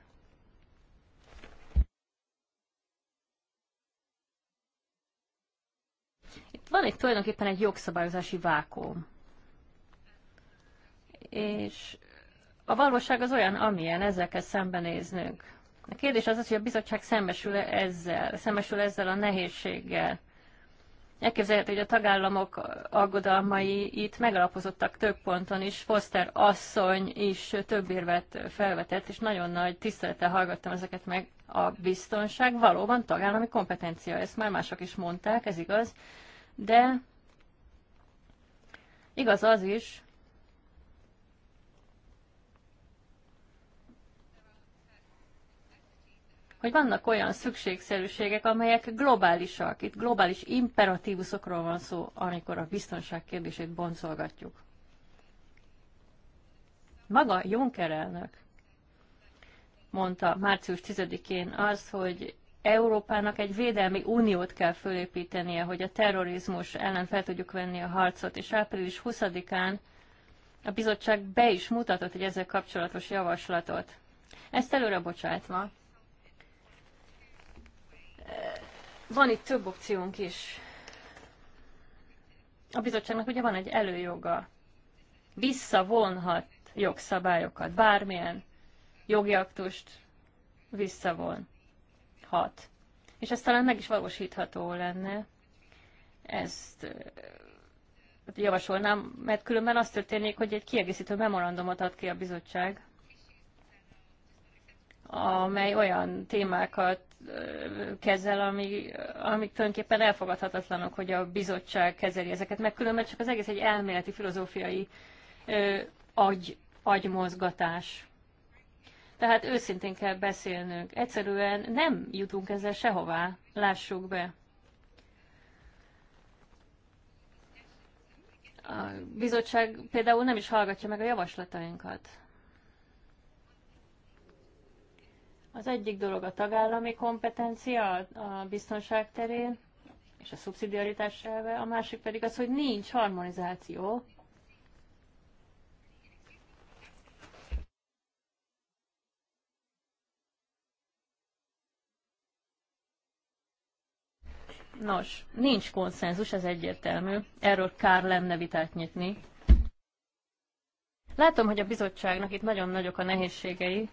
Itt van egy tulajdonképpen egy jogszabályozási vákum. És a valóság az olyan, amilyen ezzel kell szembenéznünk. A kérdés az az, hogy a bizottság szembesül -e ezzel, szembesül ezzel a nehézséggel. Elképzelhető, hogy a tagállamok aggodalmai itt megalapozottak több ponton is. Foster asszony is több érvet felvetett, és nagyon nagy tisztelettel hallgattam ezeket meg. A biztonság valóban tagállami kompetencia, ezt már mások is mondták, ez igaz, de igaz az is, hogy vannak olyan szükségszerűségek, amelyek globálisak. Itt globális imperatívuszokról van szó, amikor a biztonság kérdését boncolgatjuk. Maga Juncker elnök mondta március 10-én az, hogy Európának egy védelmi uniót kell fölépítenie, hogy a terrorizmus ellen fel tudjuk venni a harcot, és április 20-án a bizottság be is mutatott egy ezzel kapcsolatos javaslatot. Ezt előre bocsátva, Van itt több opciónk is. A bizottságnak ugye van egy előjoga. Visszavonhat jogszabályokat, bármilyen jogi aktust visszavonhat. És ez talán meg is valósítható lenne. Ezt javasolnám, mert különben az történik, hogy egy kiegészítő memorandumot ad ki a bizottság amely olyan témákat kezel, ami, amik tulajdonképpen elfogadhatatlanok, hogy a bizottság kezeli ezeket, meg különben csak az egész egy elméleti, filozófiai ö, agy, agymozgatás. Tehát őszintén kell beszélnünk. Egyszerűen nem jutunk ezzel sehová. Lássuk be. A bizottság például nem is hallgatja meg a javaslatainkat. Az egyik dolog a tagállami kompetencia a biztonság terén, és a szubszidiaritás elve, a másik pedig az, hogy nincs harmonizáció. Nos, nincs konszenzus, ez egyértelmű. Erről kár lenne vitát nyitni. Látom, hogy a bizottságnak itt nagyon nagyok a nehézségei,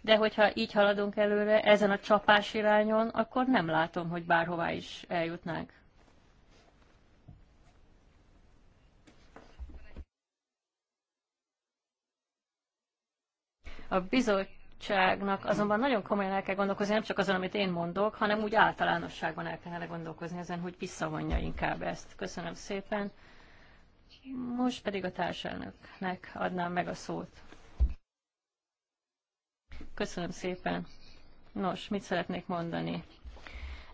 de hogyha így haladunk előre ezen a csapás irányon, akkor nem látom, hogy bárhová is eljutnánk. A bizottságnak azonban nagyon komolyan el kell gondolkozni, nem csak azon, amit én mondok, hanem úgy általánosságban el kellene gondolkozni ezen, hogy visszavonja inkább ezt. Köszönöm szépen. Most pedig a társelnöknek adnám meg a szót. Köszönöm szépen. Nos, mit szeretnék mondani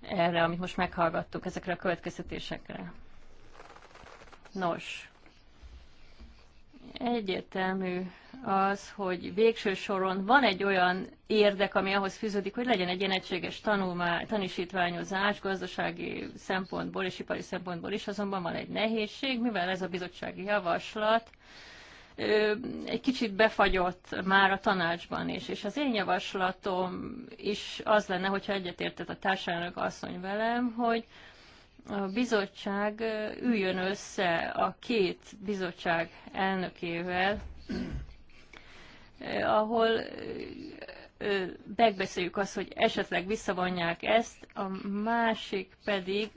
erre, amit most meghallgattuk, ezekre a következtetésekre? Nos, egyértelmű az, hogy végső soron van egy olyan érdek, ami ahhoz fűződik, hogy legyen egy ilyen egységes tanulmány, tanisítványozás gazdasági szempontból és ipari szempontból is, azonban van egy nehézség, mivel ez a bizottsági javaslat egy kicsit befagyott már a tanácsban is, és az én javaslatom is az lenne, hogyha egyetértett a társadalmi asszony velem, hogy a bizottság üljön össze a két bizottság elnökével, ahol megbeszéljük azt, hogy esetleg visszavonják ezt, a másik pedig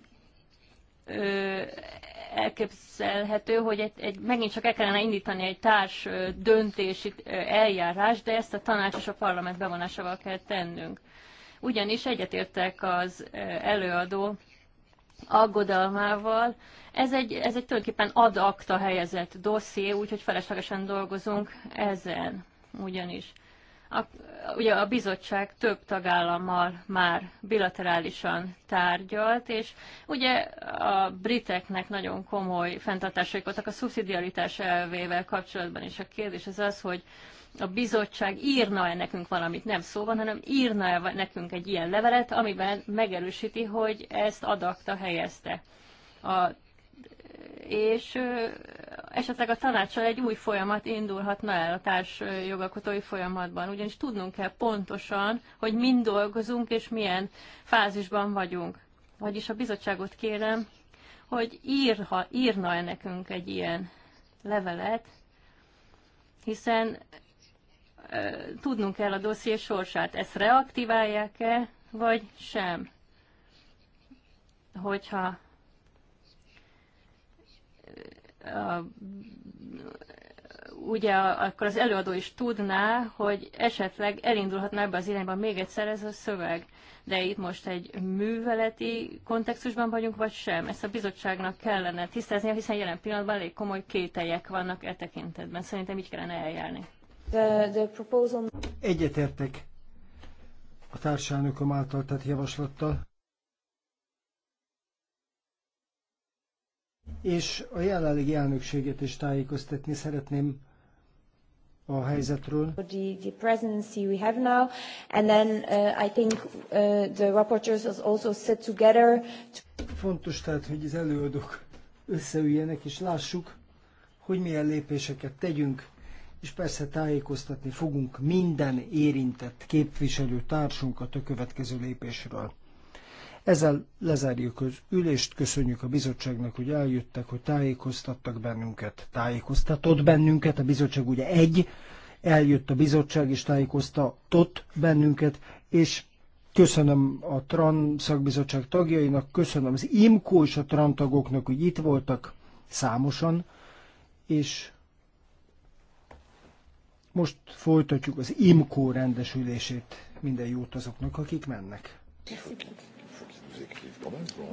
elképzelhető, hogy egy, egy, megint csak el kellene indítani egy társ döntési eljárás, de ezt a tanács és a parlament bevonásával kell tennünk. Ugyanis egyetértek az előadó aggodalmával. Ez egy, ez egy tulajdonképpen ad akta helyezett dosszié, úgyhogy feleslegesen dolgozunk ezen ugyanis. A, ugye a bizottság több tagállammal már bilaterálisan tárgyalt, és ugye a briteknek nagyon komoly fenntartásaik voltak a szubszidiaritás elvével kapcsolatban, és a kérdés az az, hogy a bizottság írna-e nekünk valamit, nem van, hanem írna-e nekünk egy ilyen levelet, amiben megerősíti, hogy ezt adakta helyezte a és esetleg a tanácssal egy új folyamat indulhatna el a társ jogalkotói folyamatban, ugyanis tudnunk kell pontosan, hogy mind dolgozunk és milyen fázisban vagyunk. Vagyis a bizottságot kérem, hogy írha, írna -e nekünk egy ilyen levelet, hiszen e, tudnunk kell a dosszié sorsát. Ezt reaktiválják-e, vagy sem? Hogyha a, ugye akkor az előadó is tudná, hogy esetleg elindulhatna ebbe az irányba még egyszer ez a szöveg. De itt most egy műveleti kontextusban vagyunk, vagy sem? Ezt a bizottságnak kellene tisztáznia, hiszen jelen pillanatban elég komoly kételjek vannak e tekintetben. Szerintem így kellene eljárni. The, the proposal... Egyetértek a társadalmi által tett javaslattal. és a jelenlegi elnökséget is tájékoztatni szeretném a helyzetről. The, the presidency we have now, and then uh, I think uh, the rapporteurs also sit together. To... Fontos tehát, hogy az előadók összeüljenek, és lássuk, hogy milyen lépéseket tegyünk, és persze tájékoztatni fogunk minden érintett képviselő társunkat a következő lépésről. Ezzel lezárjuk az ülést, köszönjük a bizottságnak, hogy eljöttek, hogy tájékoztattak bennünket, tájékoztatott bennünket, a bizottság ugye egy, eljött a bizottság és tájékoztatott bennünket, és köszönöm a TRAN szakbizottság tagjainak, köszönöm az IMKO és a TRAN tagoknak, hogy itt voltak számosan, és most folytatjuk az IMKO rendesülését. Minden jót azoknak, akik mennek. Köszönöm exécutif quand même.